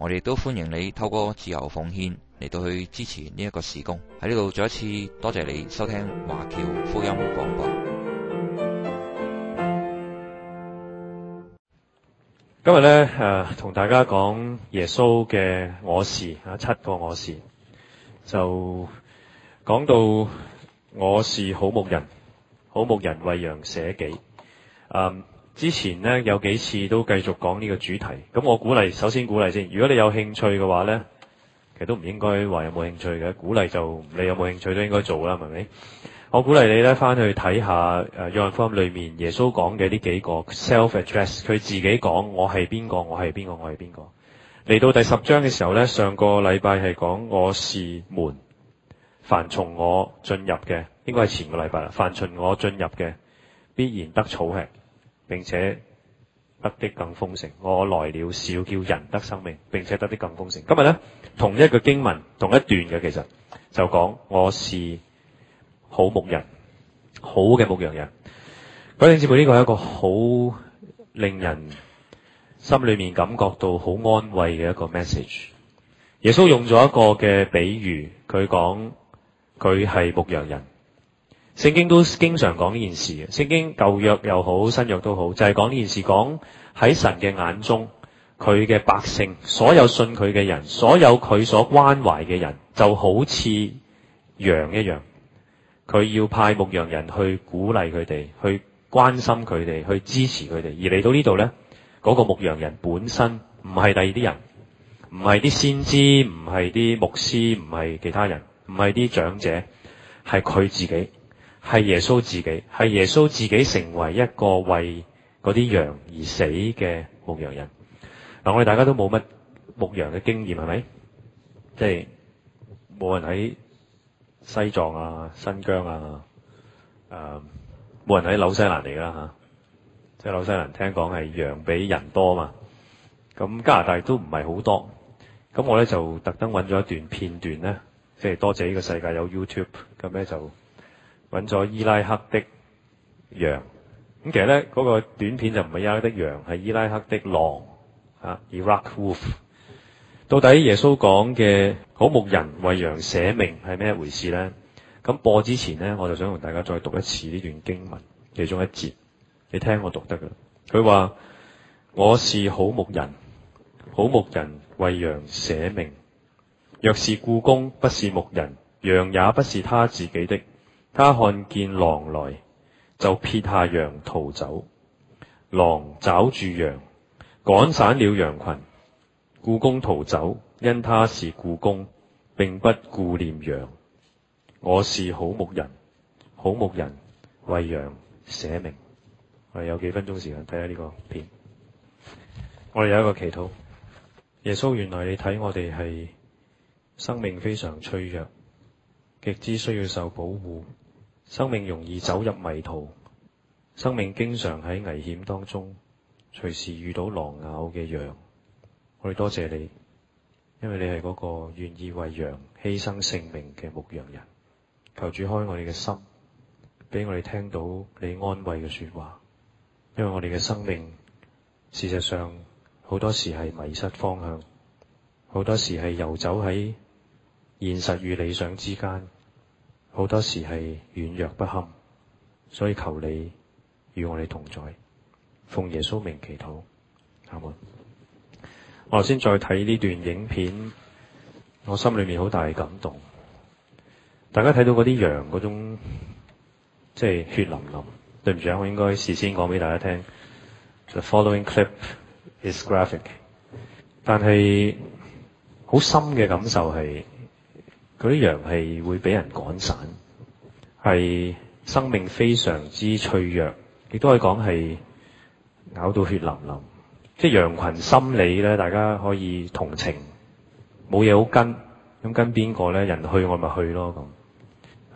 我哋都歡迎你透過自由奉獻嚟到去支持呢一個事工。喺呢度再一次多謝你收聽華僑福音廣播。今日咧誒，同、呃、大家講耶穌嘅我是，啊七個我是就講到我是好牧人，好牧人為羊捨己，嗯。之前呢有幾次都繼續講呢個主題，咁我鼓勵，首先鼓勵先。如果你有興趣嘅話呢，其實都唔應該話有冇興趣嘅，鼓勵就你有冇興趣都應該做啦，係咪？我鼓勵你呢翻去睇下《約翰福音》裏面耶穌講嘅呢幾個 self-address，佢自己講我係邊個，我係邊個，我係邊個。嚟到第十章嘅時候呢，上個禮拜係講我是門，凡從我進入嘅，應該係前個禮拜啦。凡從我進入嘅，必然得草吃。並且得的更豐盛。我來了，是要叫人得生命，並且得的更豐盛。今日咧，同一個經文，同一段嘅，其實就講我是好牧人，好嘅牧羊人。各 位弟兄姊妹，呢個係一個好令人心裏面感覺到好安慰嘅一個 message。耶穌用咗一個嘅比喻，佢講佢係牧羊人。聖經都經常講呢件事啊。聖經舊約又好，新約都好，就係講呢件事。講喺神嘅眼中，佢嘅百姓，所有信佢嘅人，所有佢所關懷嘅人，就好似羊一樣。佢要派牧羊人去鼓勵佢哋，去關心佢哋，去支持佢哋。而嚟到呢度呢，嗰個牧羊人本身唔係第二啲人，唔係啲先知，唔係啲牧師，唔係其他人，唔係啲長者，係佢自己。係耶穌自己，係耶穌自己成為一個為嗰啲羊而死嘅牧羊人。嗱、啊，我哋大家都冇乜牧羊嘅經驗，係咪？即係冇人喺西藏啊、新疆啊，誒、啊，冇人喺紐西蘭嚟㗎啦吓。即係紐西蘭聽講係羊比人多嘛，咁、啊、加拿大都唔係好多。咁我咧就特登揾咗一段片段咧，即係多謝呢個世界有 YouTube，咁咧就。揾咗伊拉克的羊，咁其實咧，嗰個短片就唔係伊拉克的羊，係伊拉克的狼啊。Iraq wolf。到底耶穌講嘅好牧人為羊捨命係咩回事咧？咁播之前咧，我就想同大家再讀一次呢段經文，其中一節，你聽我讀得噶。佢話：我是好牧人，好牧人為羊捨命。若是雇工不是牧人，羊也不是他自己的。他看見狼來，就撇下羊逃走。狼抓住羊，趕散了羊群。僱工逃走，因他是僱工，並不顧念羊。我是好牧人，好牧人為羊捨命。我哋有幾分鐘時間睇下呢個片。我哋有一個祈禱。耶穌，原來你睇我哋係生命非常脆弱，極之需要受保護。生命容易走入迷途，生命經常喺危險當中，隨時遇到狼咬嘅羊。我哋多謝你，因為你係嗰個願意為羊犧牲性命嘅牧羊人。求主開我哋嘅心，俾我哋聽到你安慰嘅說話。因為我哋嘅生命，事實上好多時係迷失方向，好多時係游走喺現實與理想之間。好多時係軟弱不堪，所以求你與我哋同在，奉耶穌名祈禱，阿門。我頭先再睇呢段影片，我心裏面好大嘅感動。大家睇到嗰啲羊嗰種，即係血淋淋，對唔住，我應該事先講俾大家聽。The following clip is graphic，但係好深嘅感受係。嗰啲羊係會俾人趕散，係生命非常之脆弱，亦都可以講係咬到血淋淋。即係羊群心理咧，大家可以同情，冇嘢好跟，咁跟邊個咧？人去我咪去咯咁。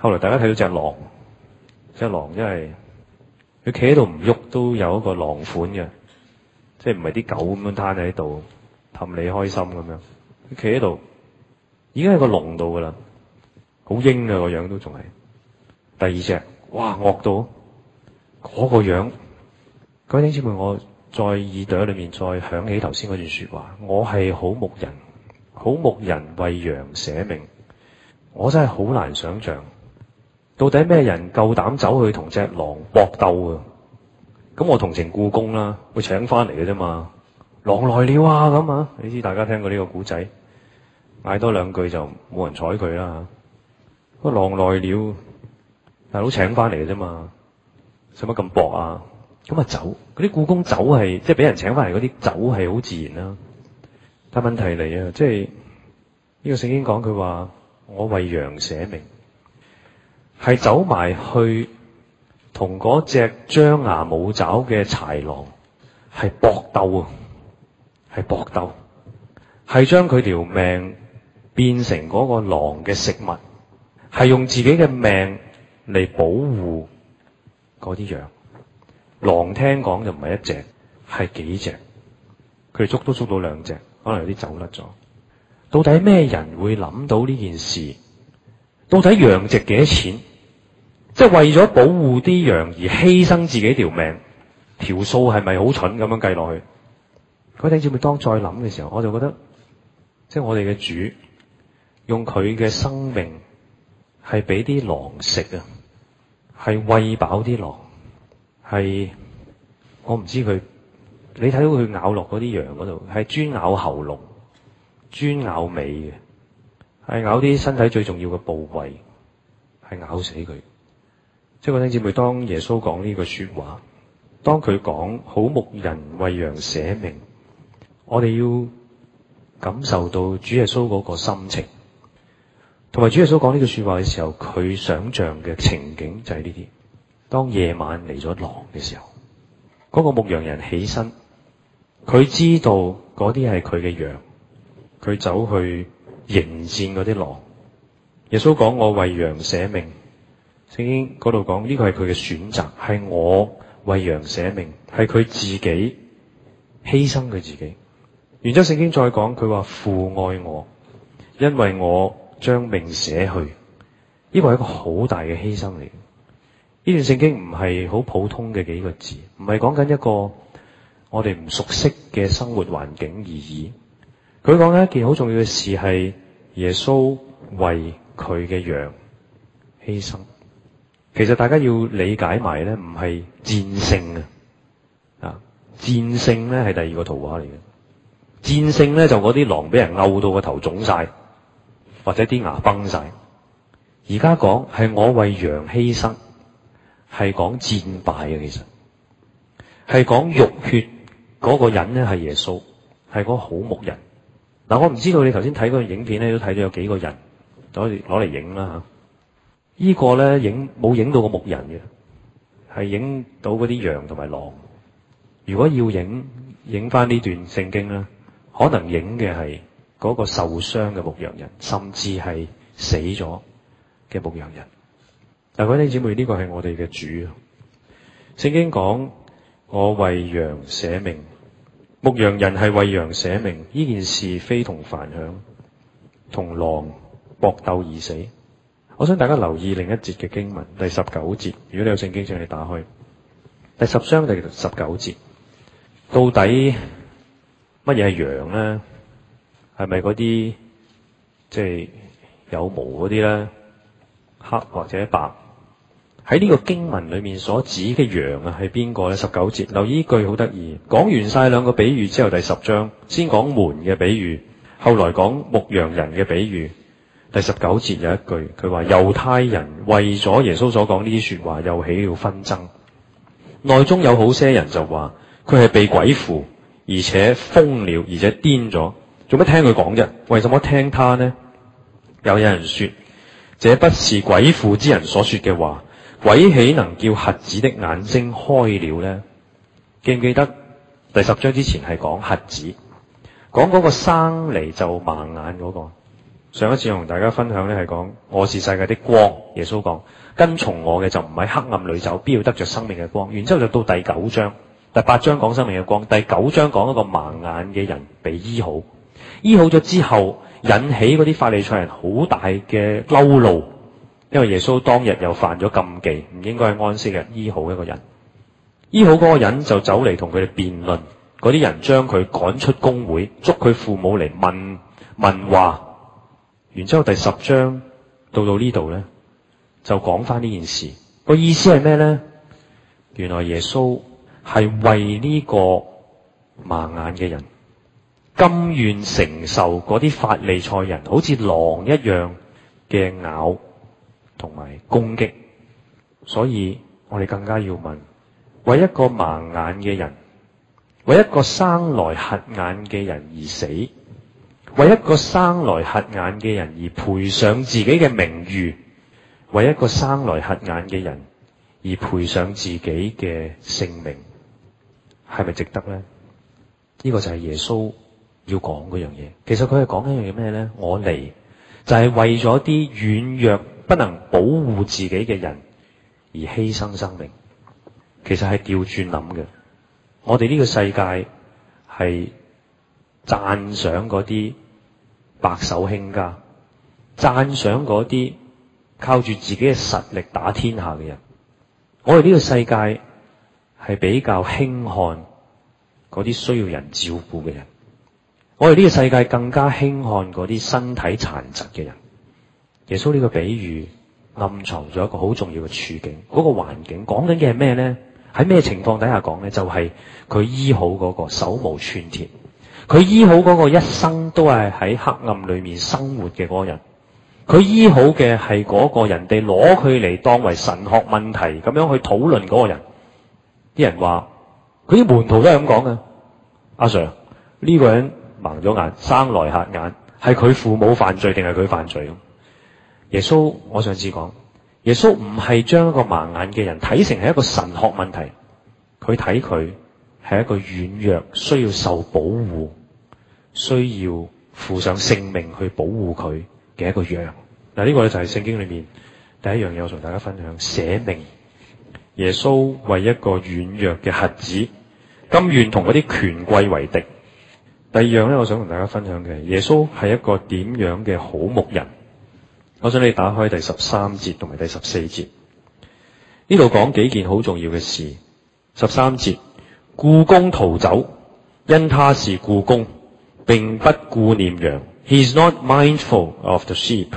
後來大家睇到隻狼，隻狼真係佢企喺度唔喐，都有一個狼款嘅，即係唔係啲狗咁樣攤喺度氹你開心咁樣，佢企喺度。已經喺個籠度噶啦，好英啊，個樣都仲係。第二隻，哇惡到，嗰、那個樣。 各位弟兄姊妹，我再耳朵裏面再響起頭先嗰段說話。我係好牧人，好牧人為羊捨命。我真係好難想象，到底咩人夠膽走去同隻狼搏鬥啊？咁我同情故宮啦、啊，我請翻嚟嘅啫嘛。狼來了啊咁啊，你知大家聽過呢個古仔？嗌多兩句，就冇人睬佢啦。個狼來了，大佬請翻嚟嘅啫嘛，使乜咁搏啊？咁啊走，嗰啲僱工走係即係俾人請翻嚟嗰啲走係好自然啦，啊。但問題嚟啊，即係呢、呢個聖經講佢話，我為羊捨命，係走埋去同嗰隻張牙舞爪嘅豺狼係搏鬥啊，係搏鬥，係將佢條命。變成嗰個狼嘅食物，係用自己嘅命嚟保護嗰啲羊。狼聽講就唔係一隻，係幾隻？佢哋捉都捉到兩隻，可能有啲走甩咗。到底咩人會諗到呢件事？到底羊值幾多錢？即係為咗保護啲羊而犧牲自己條命，條數係咪好蠢咁樣計落去？嗰陣時咪當再諗嘅時候，我就覺得，即係我哋嘅主。用佢嘅生命係俾啲狼食啊，係餵飽啲狼，係我唔知佢。你睇到佢咬落嗰啲羊度，係專咬喉嚨，專咬尾嘅，係咬啲身體最重要嘅部位，係咬死佢。即係各位姊妹，當耶穌講呢句說話，當佢講好牧人為羊捨命，我哋要感受到主耶穌嗰個心情。同埋主耶穌講呢句說話嘅時候，佢想象嘅情景就係呢啲：當夜晚嚟咗狼嘅時候，嗰個牧羊人起身，佢知道嗰啲係佢嘅羊，佢走去迎戰嗰啲狼。耶穌講我為羊捨命，聖經嗰度講呢個係佢嘅選擇，係我為羊捨命，係佢自己犧牲佢自己。然之後聖經再講，佢話父愛我，因為我，將命捨去，呢個係一個好大嘅犧牲嚟。呢段聖經唔係好普通嘅幾個字，唔係講緊一個我哋唔熟悉嘅生活環境而已。佢講嘅一件好重要嘅事係耶穌為佢嘅羊犧牲。其實大家要理解埋咧，唔係戰勝啊，啊戰勝咧係第二個圖畫嚟嘅。戰勝咧就嗰啲狼俾人毆到個頭腫晒，或者啲牙崩晒，而家講係我為羊犧牲，係講戰敗啊！其實係講浴血嗰個人咧，係耶穌，係嗰個好牧人。嗱，我唔知道你頭先睇嗰段影片咧，都睇到有幾個人攞嚟攞嚟影啦吓。依、這個咧影，冇影到個牧人嘅，係影到嗰啲羊同埋狼。如果要影影翻呢段聖經咧，可能影嘅係。嗰個受傷嘅牧羊人，甚至係死咗嘅牧羊人。嗱，各位弟兄姊妹，呢、這個係我哋嘅主。聖經講，我為羊捨命，牧羊人係為羊捨命。呢件事非同凡響，同狼搏鬥而死。我想大家留意另一節嘅經文，第十九節。如果你有聖經，請你打開第十章第十九節。到底乜嘢係羊咧？係咪嗰啲即係有毛嗰啲咧？黑或者白，喺呢個經文裏面所指嘅羊啊，係邊個咧？十九節，留意句好得意。講完晒兩個比喻之後，第十章先講門嘅比喻，後來講牧羊人嘅比喻。第十九節有一句，佢話猶太人為咗耶穌所講呢啲說話，又起了紛爭。內中有好些人就話佢係被鬼附，而且瘋了，而且癲咗。做乜聽佢講啫？為什麼聽他呢？又有人說這不是鬼附之人所說嘅話，鬼豈能叫瞎子的眼睛開了呢？記唔記得第十章之前係講瞎子，講嗰個生嚟就盲眼嗰，那個。上一次同大家分享咧，係講我是世界的光，耶穌講跟從我嘅就唔喺黑暗裏走，必要得着生命嘅光。然之後就到第九章、第八章講生命嘅光，第九章講一個盲眼嘅人被醫好。醫好咗之後，引起嗰啲法利賽人好大嘅嬲怒，因為耶穌當日又犯咗禁忌，唔應該係安息日醫好一個人。醫好嗰個人就走嚟同佢哋辯論，嗰啲人將佢趕出公會，捉佢父母嚟問問話。然之後第十章到到呢度咧，就講翻呢件事。個意思係咩咧？原來耶穌係為呢個盲眼嘅人。甘願承受嗰啲法利賽人好似狼一樣嘅咬同埋攻擊，所以我哋更加要問：為一個盲眼嘅人，為一個生來瞎眼嘅人而死，為一個生來瞎眼嘅人而賠上自己嘅名譽，為一個生來瞎眼嘅人而賠上自己嘅性命，係咪值得咧？呢個就係耶穌。要講樣嘢，其實佢係講緊一樣嘢咩咧我嚟就係為咗啲軟弱不能保護自己嘅人而犧牲生命，其實係調轉諗嘅。我哋呢個世界係讚賞啲白手興家，讚賞啲靠住自己嘅實力打天下嘅人，我哋呢個世界係比較輕看啲需要人照顧嘅人。我哋呢個世界更加輕看嗰啲身體殘疾嘅人。耶穌呢個比喻暗藏咗一個好重要嘅處境。嗰、那個環境講緊嘅係咩咧？喺咩情況底下講咧？就係、是、佢醫好嗰、那個手無寸鐵，佢醫好嗰個一生都係喺黑暗裏面生活嘅嗰個人。佢醫好嘅係嗰個人哋攞佢嚟當為神學問題咁樣去討論嗰個人。啲人話佢啲門徒都係咁講嘅。阿、啊、Sir，呢個人，盲咗眼，生來瞎眼，係佢父母犯罪定係佢犯罪？耶穌，我上次講，耶穌唔係將一個盲眼嘅人睇成係一個神學問題，佢睇佢係一個軟弱，需要受保護，需要付上性命去保護佢嘅一個羊。嗱，呢個呢就係聖經裏面第一樣嘢，我同大家分享，寫明耶穌為一個軟弱嘅瞎子，甘願同嗰啲權貴為敵。第二樣咧，我想同大家分享嘅，耶穌係一個點樣嘅好牧人？我想你打開第十三節同埋第十四節，呢度講幾件好重要嘅事。十三節，僱工逃走，因他是僱工，並不顧念羊。He's not mindful of the sheep。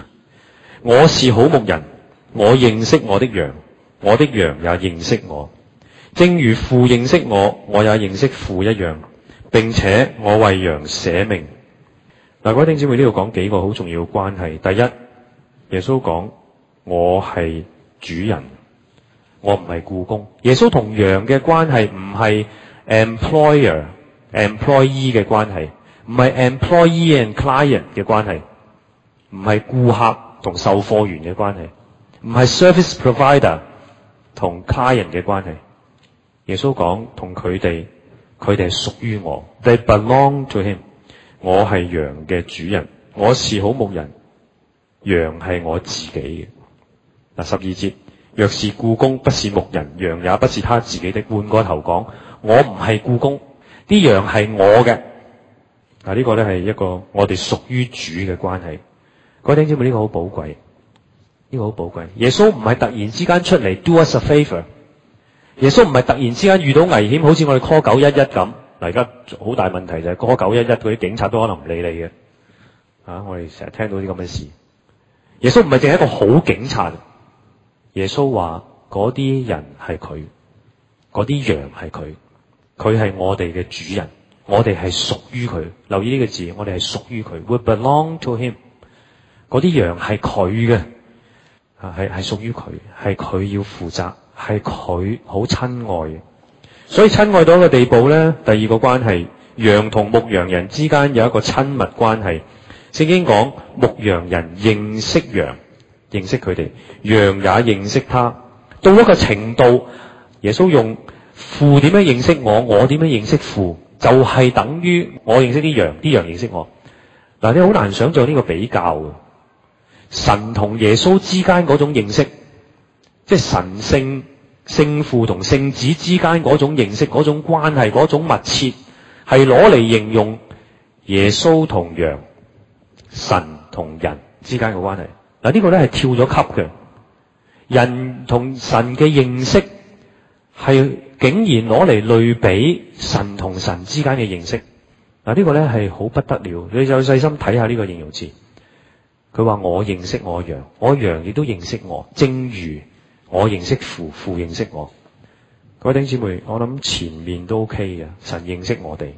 我是好牧人，我認識我的羊，我的羊也認識我，正如父認識我，我也認識父一樣。並且我為羊捨命。嗱，各位弟兄姊妹，呢度講幾個好重要嘅關係。第一，耶穌講，我係主人，我唔係雇工。耶穌同羊嘅關係唔係 employer employee 嘅關係，唔係 employee and client 嘅關係，唔係顧客同售貨員嘅關係，唔係 service provider 同 c 客人嘅關係。耶穌講同佢哋。佢哋係屬於我 they belong to him。我係羊嘅主人，我是好牧人，羊係我自己嘅。嗱，十二節，若是雇工不是牧人，羊也不是他自己的。換個頭講，我唔係雇工，啲羊係我嘅。嗱，呢個咧係一個我哋屬於主嘅關係。各位聽知唔知呢個好寶貴？呢個好寶貴。耶穌唔係突然之間出嚟 do us a favor。耶穌唔係突然之間遇到危險，好似我哋 call 九一一咁。嗱，而家好大問題就係 call 九一一啲警察都可能唔理你嘅。吓、啊，我哋成日聽到啲咁嘅事。耶穌唔係淨係一個好警察。耶穌話：啲人係佢，啲羊係佢，佢係我哋嘅主人，我哋係屬於佢。留意呢個字，我哋係屬於佢 We belong to him。啲羊係佢嘅，啊係係屬於佢，係佢要負責。係佢好親愛嘅，所以親愛到一個地步呢，第二個關係，羊同牧羊人之間有一個親密關係。聖經講牧羊人認識羊，認識佢哋，羊也認識他。到一個程度，耶穌用父點樣認識我，我點樣認識父，就係等於我認識啲羊，啲羊認識我。嗱，你好難想象呢個比較，神同耶穌之間嗰種認識。即係神聖聖父同聖子之間嗰種認識、嗰種關係、嗰種密切，係攞嚟形容耶穌同羊、神同人之間嘅關係。嗱，呢個咧係跳咗級嘅，人同神嘅認識係竟然攞嚟類比神同神之間嘅認識。嗱，呢個咧係好不得了。你就細心睇下呢個形容詞，佢話我認識我羊，我羊亦都認識我，正如。我認識父，父認識我。各位弟兄姊妹，我諗前面都 OK 嘅，神認識我哋。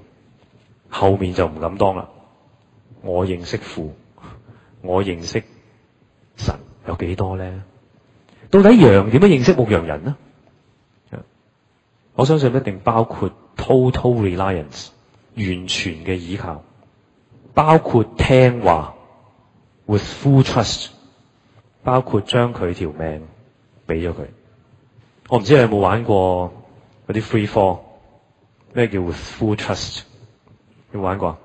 後面就唔敢當啦。我認識父，我認識神，有幾多咧？到底羊點樣認識牧羊人呢？我相信一定包括 total reliance，完全嘅依靠，包括聽話，with full trust，包括將佢條命。俾咗佢，我唔知你有冇玩過嗰啲 free fall，咩叫 full trust？你玩過？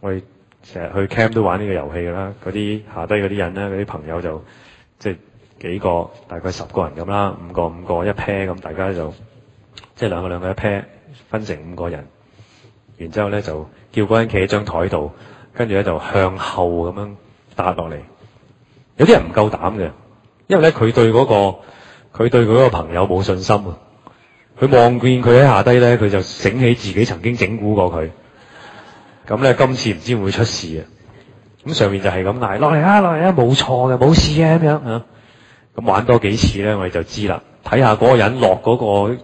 我哋成日去 camp 都玩呢個遊戲㗎啦。嗰啲下低嗰啲人咧，嗰啲朋友就即係、就是、幾個大概十個人咁啦，五個五個一 pair 咁，大家就即係、就是、兩個兩個一 pair，分成五個人，然之後咧就叫嗰個人企喺張台度，跟住咧就向後咁樣打落嚟。有啲人唔夠膽嘅。因為咧、那個，佢對嗰個佢對佢嗰個朋友冇信心啊！佢望見佢喺下低咧，佢就醒起自己曾經整蠱過佢。咁咧，今次唔知會出事啊！咁上面就係咁嗌落嚟啊，落嚟啊，冇錯嘅，冇事嘅，咁樣啊！咁玩多幾次咧，我哋就知啦。睇下嗰個人落嗰、那個、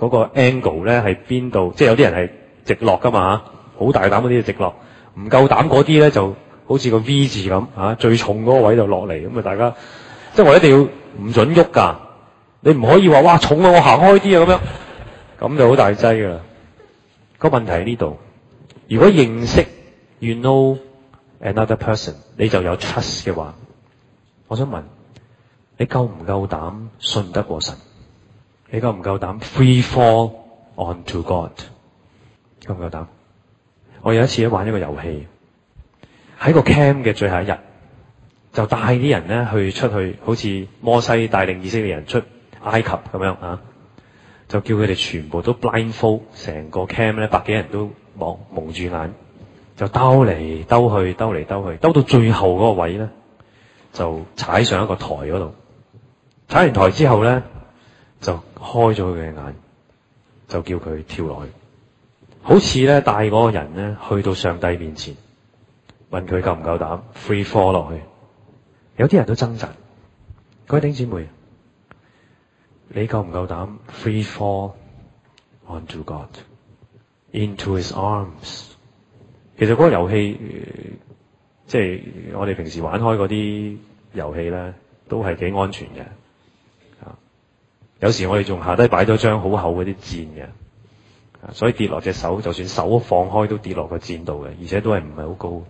那個 angle 咧，係邊度？即係有啲人係直落噶嘛，吓好大膽嗰啲直落，唔夠膽嗰啲咧，就好似個 V 字咁啊！最重嗰個位就落嚟，咁啊，大家。即係我一定要唔准喐噶你唔可以話哇重啊，我行開啲啊咁樣，咁就好大劑噶個問題喺呢度，如果認識，you know another person，你就有 trust 嘅話，我想問你夠唔夠膽信得過神？你夠唔夠膽 free fall onto God？夠唔夠膽？我有一次玩一個遊戲，喺個 camp 嘅最後一日。就帶啲人咧去出去，好似摩西帶領以色列人出埃及咁樣啊！就叫佢哋全部都 blindfold，成個 camp 咧百幾人都蒙蒙住眼，就兜嚟兜去，兜嚟兜去，兜到最後嗰個位咧，就踩上一個台嗰度。踩完台之後咧，就開咗佢嘅眼，就叫佢跳落去，好似咧帶嗰個人咧去到上帝面前，問佢夠唔夠膽 free fall 落去。有啲人都掙扎，各位弟兄姊妹，你夠唔夠膽 free fall onto God into His arms？其實嗰個遊戲，呃、即係我哋平時玩開嗰啲遊戲咧，都係幾安全嘅、啊。有時我哋仲下低擺咗張好厚嗰啲墊嘅、啊，所以跌落隻手，就算手一放開都跌落個墊度嘅，而且都係唔係好高。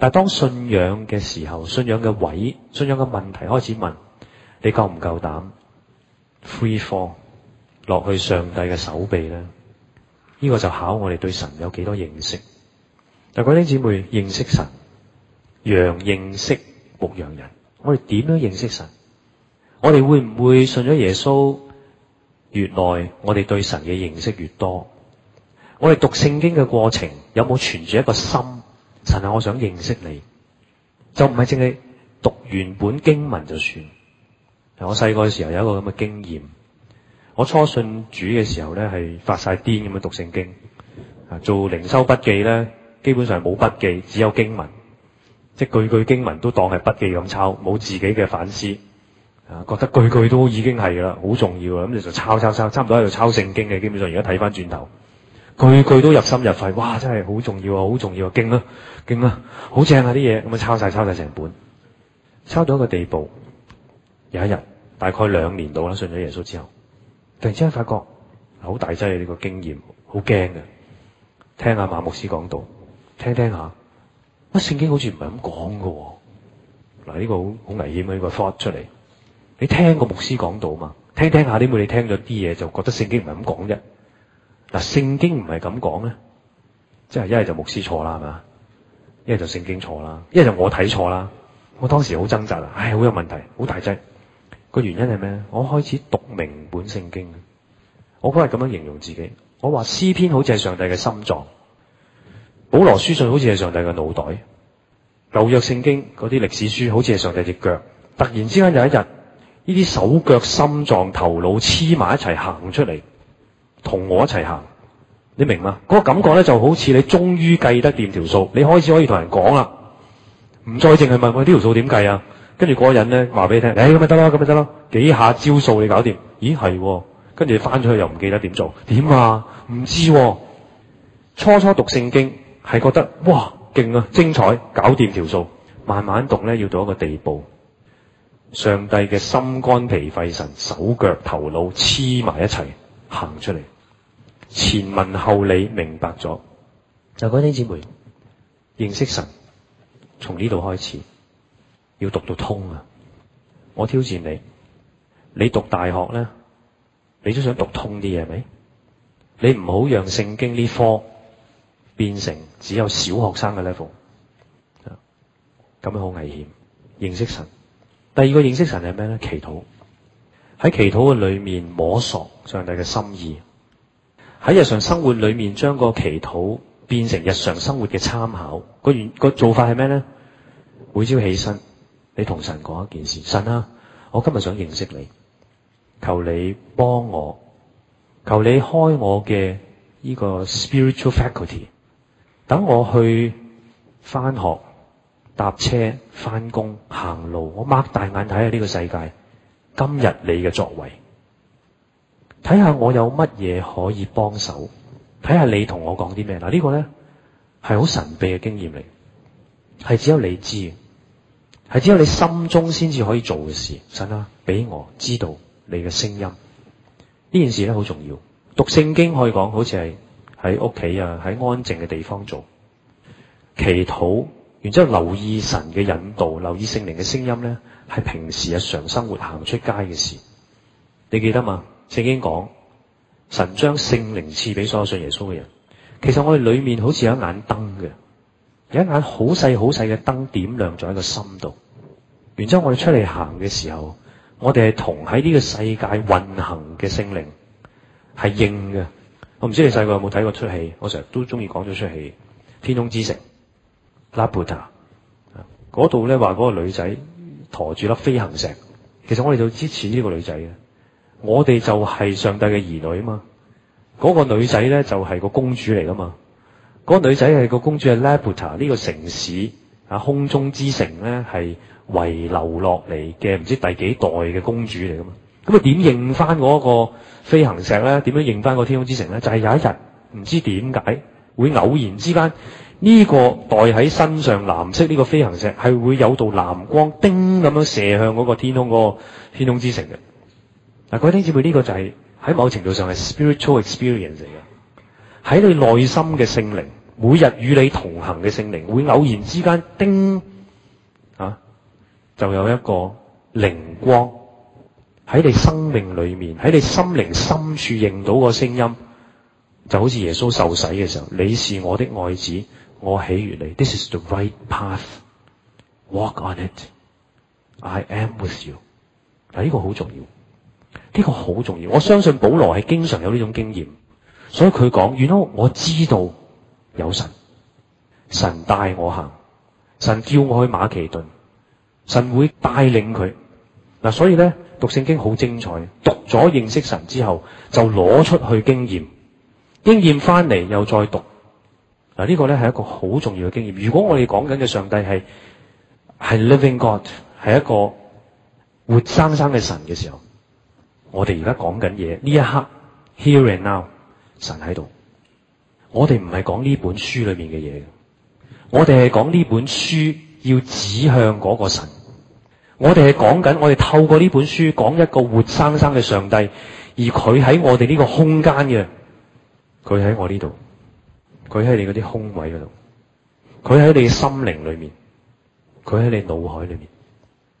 但係當信仰嘅時候，信仰嘅位、信仰嘅問題開始問，你夠唔夠膽？free fall 落去上帝嘅手臂咧？呢個就考我哋對神有幾多認識？但係嗰啲姊妹認識神，羊認識牧羊人，我哋點樣認識神？我哋會唔會信咗耶穌，越耐我哋對神嘅認識越多？我哋讀聖經嘅過程有冇存住一個心？神，係我想認識你，就唔係淨係讀完本經文就算。我細個嘅時候有一個咁嘅經驗，我初信主嘅時候咧，係發晒癲咁樣讀聖經，啊做靈修筆記咧，基本上係冇筆記，只有經文，即係句句經文都當係筆記咁抄，冇自己嘅反思，啊覺得句句都已經係啦，好重要啦，咁你就抄抄抄，差唔多喺度抄聖經嘅，基本上而家睇翻轉頭。佢句，句都入心入肺，哇！真係好重要啊，好重要啊，驚啊！驚啊！好正啊啲嘢，咁樣抄晒抄晒成本，抄到一個地步。有一日，大概兩年到啦，信咗耶穌之後，突然之間發覺好大劑呢個經驗，好驚嘅。聽阿馬牧師講道，聽聽下，乜聖經好似唔係咁講嘅。嗱，呢個好好危險啊！呢個 thought 出嚟。你聽個牧師講道嘛，聽聽下，點會你聽咗啲嘢就覺得聖經唔係咁講啫？嗱，聖經唔係咁講咧，即係一係就牧師錯啦，係咪？一係就聖經錯啦，一係就我睇錯啦。我當時好掙扎啊，唉，好有問題，好大劑。個原因係咩咧？我開始讀明本聖經，我嗰日咁樣形容自己，我話詩篇好似係上帝嘅心臟，保羅書信好似係上帝嘅腦袋，舊約聖經嗰啲歷史書好似係上帝隻腳。突然之間有一日，呢啲手腳心臟頭腦黐埋一齊行出嚟。同我一齊行，你明嗎？嗰、那個感覺咧就好似你終於計得掂條數，你開始可以同人講啦，唔再淨係問佢呢、啊、條數點計啊。跟住嗰個人咧話俾你聽，誒咁咪得咯，咁咪得咯，幾下招數你搞掂。咦係？跟住返出去又唔記得點做？點啊？唔知、哦。初初讀聖經係覺得哇勁啊，精彩，搞掂條數。慢慢讀咧要到一個地步，上帝嘅心肝脾肺腎手腳頭腦黐埋一齊。行出嚟，前文後理明白咗。就嗰啲姊妹認識神，從呢度開始要讀到通啊！我挑戰你，你讀大學咧，你都想讀通啲嘢，係咪？你唔好讓聖經呢科變成只有小學生嘅 level，咁樣好危險。認識神，第二個認識神係咩咧？祈禱。喺祈禱嘅裏面摸索上帝嘅心意，喺日常生活裏面將個祈禱變成日常生活嘅參考。個、那、原個做法係咩咧？每朝起身，你同神講一件事，神啊，我今日想認識你，求你幫我，求你開我嘅呢個 spiritual faculty，等我去返學、搭車、返工、行路，我擘大眼睇下呢個世界。今日你嘅作為，睇下我有乜嘢可以幫手，睇下你同我講啲咩。嗱、這個、呢個咧係好神秘嘅經驗嚟，係只有你知嘅，係只有你心中先至可以做嘅事。神啊，俾我知道你嘅聲音，呢件事咧好重要。讀聖經可以講，好似係喺屋企啊，喺安靜嘅地方做祈禱，然之後留意神嘅引導，留意聖靈嘅聲音咧。係平時日常生活行出街嘅事，你記得嘛？聖經講神將聖靈賜俾所有信耶穌嘅人。其實我哋裏面好似有一眼燈嘅，有一眼好細好細嘅燈點亮咗喺個心度。然之後我哋出嚟行嘅時候，我哋係同喺呢個世界運行嘅聖靈係應嘅。我唔知你細個有冇睇過出戲，我成日都中意講咗出戲《天空之城》拉普達，嗰度咧話嗰個女仔。馱住粒飛行石，其實我哋就支持呢個女仔嘅。我哋就係上帝嘅兒女啊嘛。嗰個女仔咧就係、是、個公主嚟噶嘛。嗰個女仔係、嗰個公主係 Laputa 呢個城市啊，空中之城咧係遺留落嚟嘅唔知第幾代嘅公主嚟噶嘛。咁啊點認翻嗰個飛行石咧？點樣認翻個天空之城咧？就係、是、有一日唔知點解會偶然之間呢、呢個袋喺身上藍色呢個飛行石係會有道藍光叮。咁樣射向嗰個天空、嗰個天空之城嘅。嗱，各位聽住，佢呢個就係、是、喺某程度上係 spiritual experience 嚟嘅。喺你內心嘅聖靈，每日與你同行嘅聖靈，會偶然之間叮啊，就有一個靈光喺你生命裏面，喺你心靈深處認到個聲音，就好似耶穌受洗嘅時候，你是我的愛子，我喜悅你，this is the right path，walk on it。I am with you。嗱，呢個好重要，呢個好重要。我相信保羅係經常有呢種經驗，所以佢講：原來我知道有神，神帶我行，神叫我去馬其頓，神會帶領佢。嗱，所以咧讀聖經好精彩，讀咗認識神之後，就攞出去經驗，經驗翻嚟又再讀。嗱，呢個咧係一個好重要嘅經驗。如果我哋講緊嘅上帝係係 Living God。係一個活生生嘅神嘅時候，我哋而家講緊嘢呢一刻，here and now，神喺度。我哋唔係講呢本書裏面嘅嘢，我哋係講呢本書要指向嗰個神。我哋係講緊，我哋透過呢本書講一個活生生嘅上帝，而佢喺我哋呢個空間嘅，佢喺我呢度，佢喺你啲空位度，佢喺你心靈裏面，佢喺你腦海裏面。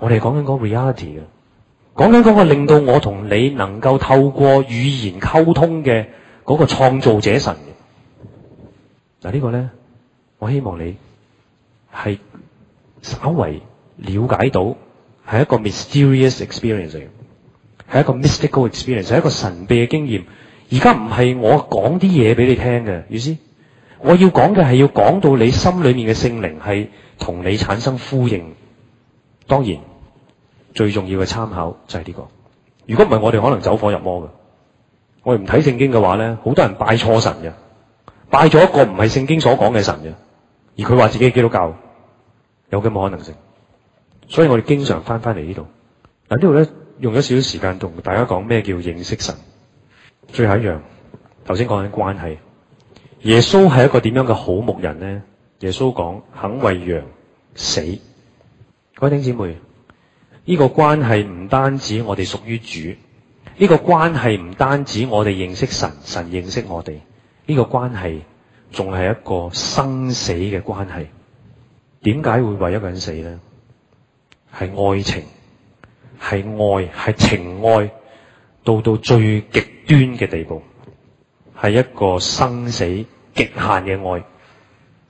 我哋講緊嗰 reality 嘅，講緊個令到我同你能夠透過語言溝通嘅個創造者神。嗱呢個咧，我希望你係稍微了解到係一個 mysterious experience，係一個 mystical experience，係一個神秘嘅經驗。而家唔係我講啲嘢俾你聽嘅意思，我要講嘅係要講到你心裏面嘅性靈係同你產生呼應。當然。最重要嘅參考就係呢個。如果唔係，我哋可能走火入魔嘅。我哋唔睇聖經嘅話咧，好多人拜錯神嘅，拜咗一個唔係聖經所講嘅神嘅，而佢話自己係基督教，有咁嘅可能性。所以我哋經常翻翻嚟呢度。嗱，呢度咧，用咗少少時間同大家講咩叫認識神。最後一樣，頭先講緊關係。耶穌係一個點樣嘅好牧人咧？耶穌講肯為羊死。各位弟兄姊妹。呢個關係唔單止我哋屬於主，呢個關係唔單止我哋認識神，神認識我哋，呢個關係仲係一個生死嘅關係。點解會為一個人死咧？係愛情，係愛，係情愛，到到最極端嘅地步，係一個生死極限嘅愛，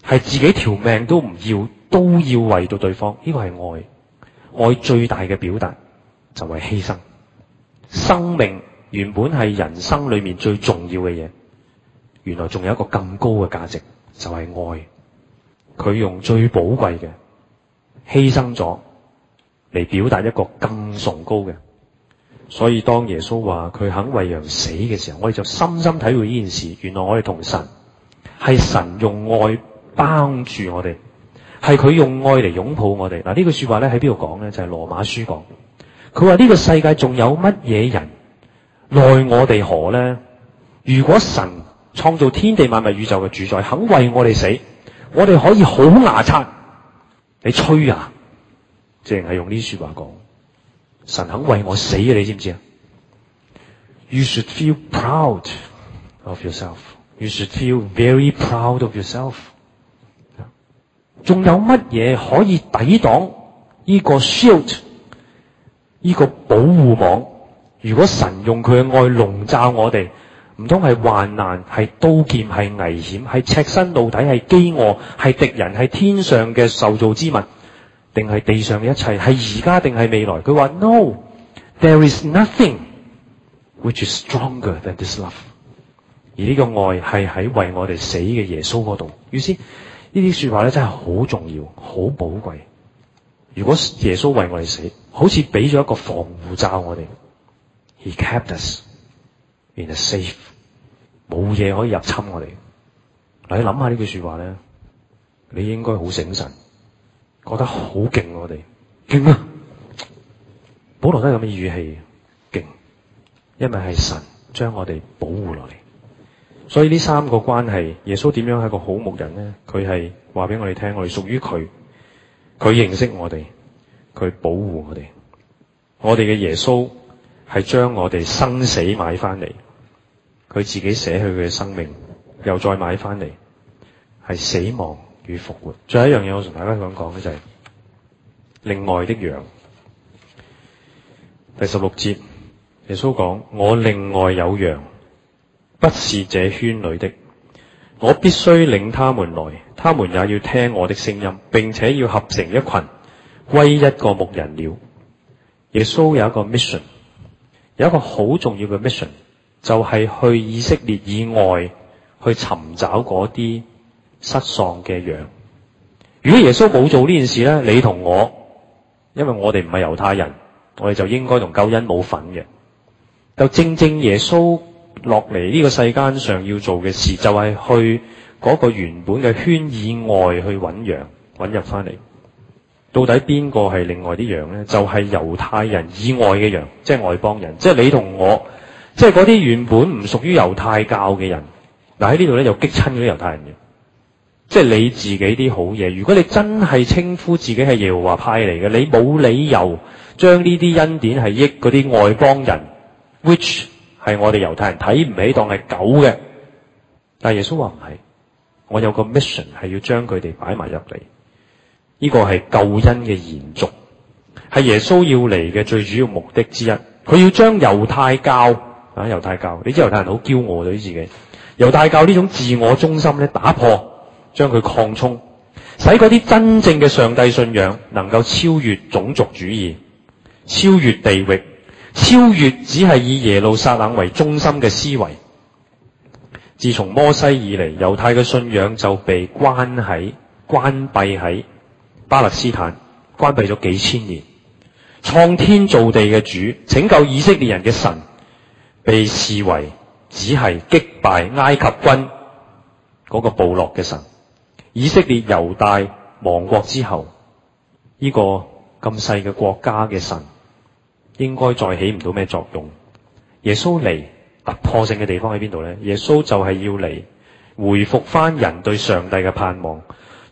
係自己條命都唔要，都要為到對方。呢個係愛。愛最大嘅表達就係、是、犧牲，生命原本係人生裏面最重要嘅嘢，原來仲有一個更高嘅價值就係、是、愛，佢用最寶貴嘅犧牲咗嚟表達一個更崇高嘅，所以當耶穌話佢肯為羊死嘅時候，我哋就深深體會呢件事，原來我哋同神係神用愛幫住我哋。係佢用愛嚟擁抱我哋嗱，呢句說話咧喺邊度講咧？就係羅馬書講，佢話呢個世界仲有乜嘢人奈我哋何咧？如果神創造天地萬物宇宙嘅主宰肯為我哋死，我哋可以好牙擦。你吹啊！淨係用呢說話講，神肯為我死啊！你知唔知啊？You should feel proud of yourself. You should feel very proud of yourself. 仲有乜嘢可以抵擋呢個 shield？呢個保護網？如果神用佢嘅愛籠罩我哋，唔通係患難，係刀劍，係危險，係赤身露體，係飢餓，係敵人，係天上嘅受造之物，定係地上嘅一切？係而家定係未來？佢話：No，there is nothing which is stronger than this love。而呢個愛係喺為我哋死嘅耶穌嗰度。意思？呢啲說話咧真係好重要、好寶貴。如果耶穌為我哋死,好似俾咗一個防護罩我哋，He kept us in a safe，冇嘢可以入侵我哋。嗱，你諗下呢句說話咧，你應該好醒神，覺得好勁我哋，勁啊！保羅都係咁嘅語氣，勁，因為係神將我哋保護落嚟。所以呢三個關係，耶穌點樣係一個好牧人呢？佢係話俾我哋聽，我哋屬於佢，佢認識我哋，佢保護我哋。我哋嘅耶穌係將我哋生死買翻嚟，佢自己捨去佢嘅生命，又再買翻嚟，係死亡與復活。最後一樣嘢，我同大家想講嘅就係、是、另外的羊。第十六節，耶穌講：我另外有羊。不是這圈裏的，我必須領他們來，他們也要聽我的聲音，並且要合成一群，歸一個牧人了。耶穌有一個 mission，有一個好重要嘅 mission，就係去以色列以外去尋找嗰啲失喪嘅羊。如果耶穌冇做呢件事咧，你同我，因為我哋唔係猶太人，我哋就應該同救恩冇份嘅。就正正耶穌。落嚟呢個世間上要做嘅事，就係去嗰個原本嘅圈以外去揾羊，揾入翻嚟。到底邊個係另外啲羊呢？就係猶太人以外嘅羊，即係外邦人，即係你同我，即係嗰啲原本唔屬於猶太教嘅人。嗱，喺呢度呢，又激親嗰啲猶太人嘅，即係你自己啲好嘢。如果你真係稱呼自己係耶和華派嚟嘅，你冇理由將呢啲恩典係益嗰啲外邦人，which。係我哋猶太人睇唔起，當係狗嘅。但係耶穌話唔係，我有個 mission 係要將佢哋擺埋入嚟。呢個係救恩嘅延續，係耶穌要嚟嘅最主要目的之一。佢要將猶太教啊，猶太教，你知猶太人好驕傲對啲自己，猶太教呢種自我中心咧，打破，將佢擴充，使嗰啲真正嘅上帝信仰能夠超越種族主義，超越地域。超越只係以耶路撒冷為中心嘅思維。自從摩西以嚟，猶太嘅信仰就被關喺、關閉喺巴勒斯坦，關閉咗幾千年。創天造地嘅主、拯救以色列人嘅神，被視為只係擊敗埃及軍嗰個部落嘅神。以色列猶大亡國之後，呢、這個咁細嘅國家嘅神。應該再起唔到咩作用？耶穌嚟，突破性嘅地方喺邊度咧？耶穌就係要嚟回復翻人對上帝嘅盼望，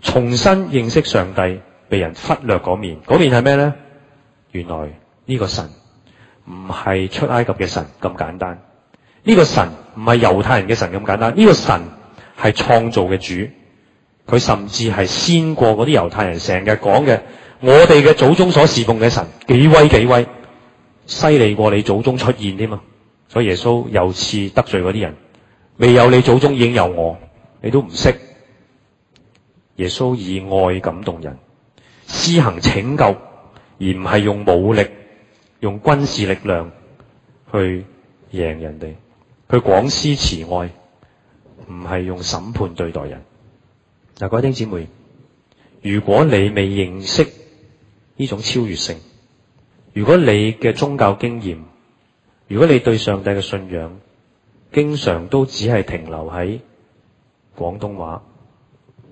重新認識上帝被人忽略嗰面。嗰面係咩咧？原來呢個神唔係出埃及嘅神咁簡單，呢個神唔係猶太人嘅神咁簡單，呢個神係創造嘅主，佢甚至係先過嗰啲猶太人成日講嘅我哋嘅祖宗所侍奉嘅神幾威幾威。犀利過你祖宗出現添嘛？所以耶穌有次得罪啲人，未有你祖宗已經有我，你都唔識。耶穌以愛感動人，施行拯救，而唔係用武力、用軍事力量去贏人哋，去廣施慈愛，唔係用審判對待人。嗱，各位弟兄姊妹，如果你未認識呢種超越性。如果你嘅宗教經驗，如果你對上帝嘅信仰，經常都只係停留喺廣東話、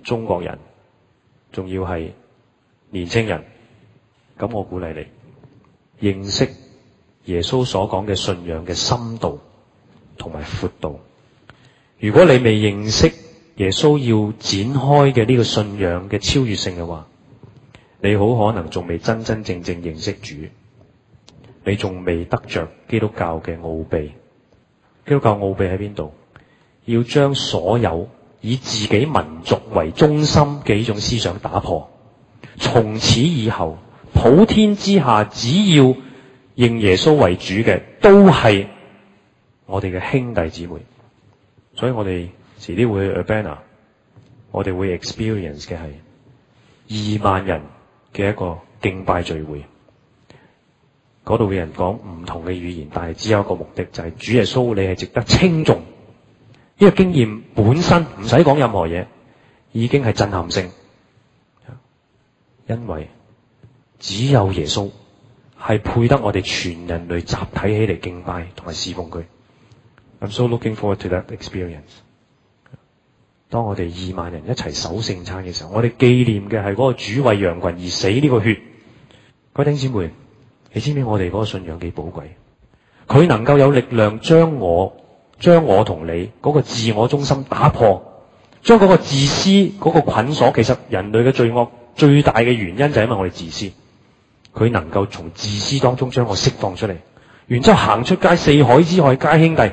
中國人，仲要係年青人，咁我鼓勵你認識耶穌所講嘅信仰嘅深度同埋闊度。如果你未認識耶穌要展開嘅呢個信仰嘅超越性嘅話，你好可能仲未真真正正認識主。你仲未得着基督教嘅奧秘？基督教奧秘喺邊度？要將所有以自己民族為中心嘅呢種思想打破。從此以後，普天之下只要認耶穌為主嘅，都係我哋嘅兄弟姊妹。所以我哋遲啲會去 Urbana，我哋會 experience 嘅係二萬人嘅一個敬拜聚會。度嘅人講唔同嘅語言，但係只有一個目的，就係主耶穌，你係值得稱重。呢個經驗本身唔使講任何嘢，已經係震撼性。因為只有耶穌係配得我哋全人類集體起嚟敬拜同埋侍奉佢。I'm so looking forward to that experience。當我哋二萬人一齊守聖餐嘅時候，我哋紀念嘅係嗰個主為羊群而死呢個血。各位弟兄姊妹。你知唔知我哋嗰個信仰幾寶貴？佢能夠有力量將我、將我同你嗰個自我中心打破，將嗰個自私嗰個捆鎖。其實人類嘅罪惡最大嘅原因就係因為我哋自私。佢能夠從自私當中將我釋放出嚟，然之後行出街，四海之外皆兄弟，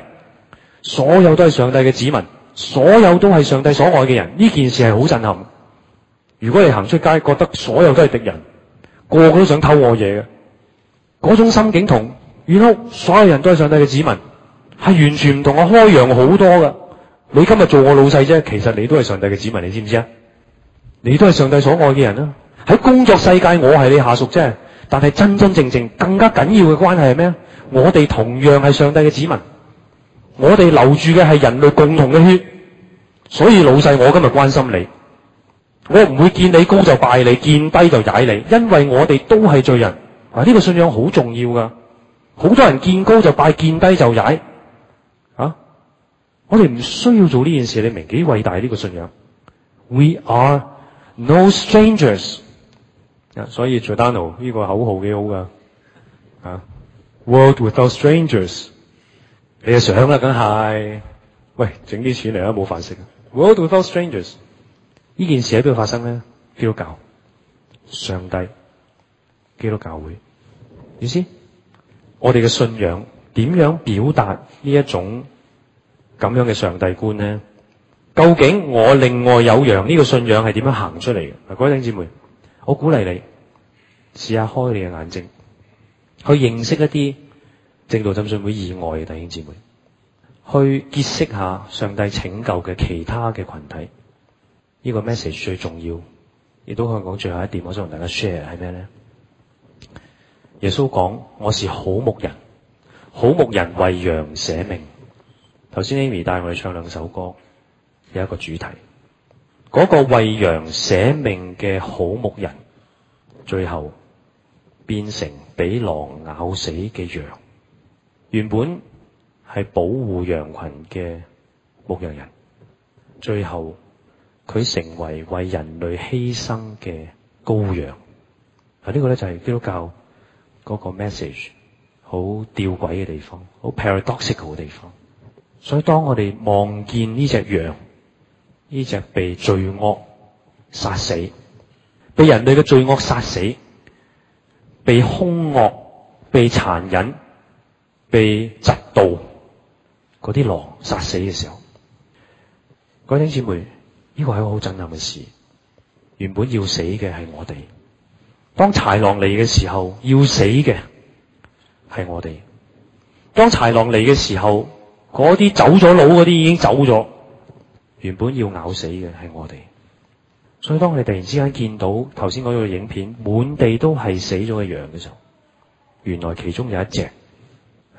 所有都係上帝嘅子民，所有都係上帝所愛嘅人。呢件事係好震撼。如果你行出街覺得所有都係敵人，個個都想偷我嘢嘅。嗰種心境同然後，所有人都係上帝嘅子民，係完全唔同，我開揚好多噶。你今日做我老細啫，其實你都係上帝嘅子民，你知唔知啊？你都係上帝所愛嘅人啦。喺工作世界，我係你下屬啫，但係真真正正更加緊要嘅關係係咩？我哋同樣係上帝嘅子民，我哋留住嘅係人類共同嘅血，所以老細，我今日關心你，我唔會見你高就拜你，見低就踩你，因為我哋都係罪人。嗱，呢、啊這個信仰好重要噶，好多人見高就拜，見低就踩，啊！我哋唔需要做呢件事，你明幾偉大呢個信仰？We are no strangers、啊。所以 Giordano 呢個口號幾好噶，啊，World without strangers，你就想啦，梗係，喂，整啲錢嚟啦，冇飯食。World without strangers，呢、啊啊啊、件事喺邊度發生咧？基督教，上帝。基督教會，意思，我哋嘅信仰點樣表達呢一種咁樣嘅上帝觀咧，究竟我另外有羊呢、這個信仰係點樣行出嚟嘅？嗱，各位弟兄姊妹，我鼓勵你試下開你嘅眼睛，去認識一啲正道浸信會以外嘅弟兄姊妹，去結識下上帝拯救嘅其他嘅群體。呢、這個 message 最重要，亦都可以講最後一點，我想同大家 share 係咩咧？耶穌講：我是好牧人，好牧人為羊捨命。頭先 Amy 帶我哋唱兩首歌，有一個主題。嗰個為羊捨命嘅好牧人，最後變成俾狼咬死嘅羊。原本係保護羊群嘅牧羊人，最後佢成為為人類犧牲嘅羔羊。啊，呢個咧就係基督教。個 message 好吊詭嘅地方，好 paradoxical 嘅地方。所以當我哋望見呢隻羊，呢隻被罪惡殺死，被人類嘅罪惡殺死，被凶惡被殘忍、被窒盜，嗰啲狼殺死嘅時候，各位兄姊妹，呢個係一個好震撼嘅事。原本要死嘅係我哋。當豺狼嚟嘅時候，要死嘅係我哋；當豺狼嚟嘅時候，嗰啲走咗佬嗰啲已經走咗，原本要咬死嘅係我哋。所以當我哋突然之間見到頭先嗰個影片，滿地都係死咗嘅羊嘅時候，原來其中有一隻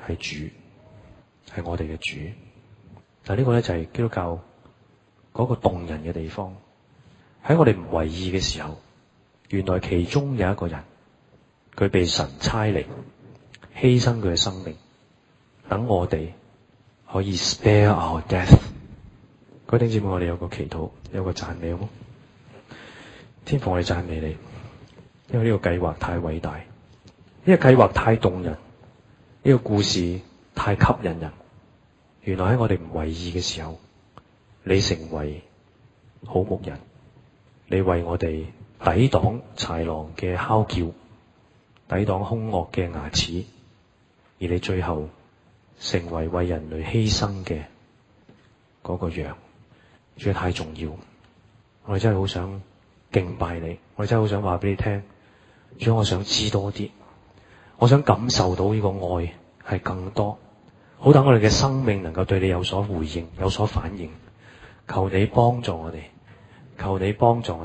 係主，係我哋嘅主。但係呢個咧就係基督教嗰個動人嘅地方，喺我哋唔為意嘅時候。原來其中有一個人，佢被神差嚟犧牲佢嘅生命，等我哋可以 spare our death。各位弟兄姊妹，我哋有個祈禱，有個讚美好冇？天父，我哋讚美你，因為呢個計劃太偉大，呢個計劃太動人，呢個故事太吸引人。原來喺我哋唔為意嘅時候，你成為好牧人，你為我哋抵擋豺狼嘅嚎叫，抵擋凶惡嘅牙齒，而你最後成為為人類犧牲嘅個羊，主太重要。我哋真係好想敬拜你，我哋真係好想話俾你聽。所以我想知多啲，我想感受到呢個愛係更多，好等我哋嘅生命能夠對你有所回應、有所反應。求你幫助我哋，求你幫助我哋。